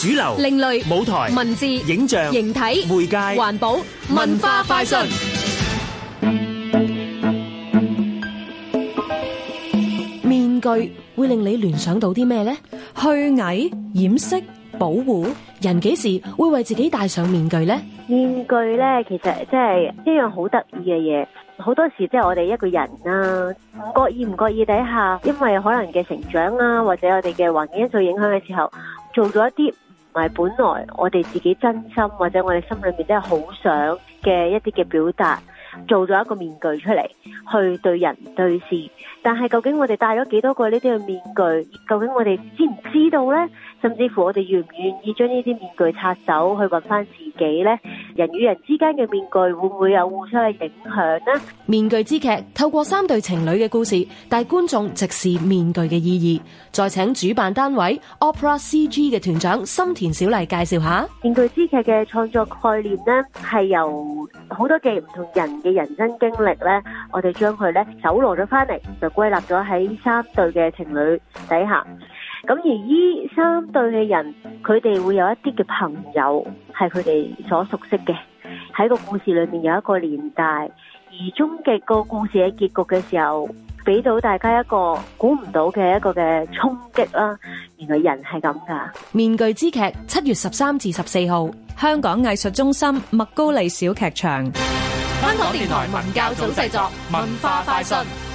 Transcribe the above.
主流、另類舞台、文字、影像、形體、媒介、環保、文化、快訊。面具會令你聯想到啲咩呢？虛偽、掩飾、保護，人幾時會為自己戴上面具呢？面具呢，其實即係一樣好得意嘅嘢。好多時即係我哋一個人啊，唔覺意唔覺意底下，因為可能嘅成長啊，或者我哋嘅環境因素影響嘅時候，做咗一啲。同埋本來我哋自己真心或者我哋心裏面真係好想嘅一啲嘅表達，做咗一個面具出嚟去對人對事。但係究竟我哋戴咗幾多個呢啲嘅面具？究竟我哋知唔知道呢？甚至乎我哋願唔願意將呢啲面具拆走，去揾翻自己呢？人與人之間嘅面具會唔會有互相嘅影響呢？面具之劇透過三對情侶嘅故事，帶觀眾直視面具嘅意義。再請主辦單位 Opera CG 嘅團長森田小麗介紹下。面具之劇嘅創作概念呢，係由好多嘅唔同人嘅人生經歷呢，我哋將佢呢搜羅咗翻嚟，就歸納咗喺三對嘅情侶底下。咁而依三對嘅人。佢哋會有一啲嘅朋友係佢哋所熟悉嘅，喺個故事裏面有一個年代，而終極個故事喺結局嘅時候，俾到大家一個估唔到嘅一個嘅衝擊啦。原來人係咁噶。《面具之劇》七月十三至十四號，香港藝術中心麥高利小劇場。香港電台文教組製作，文化快訊。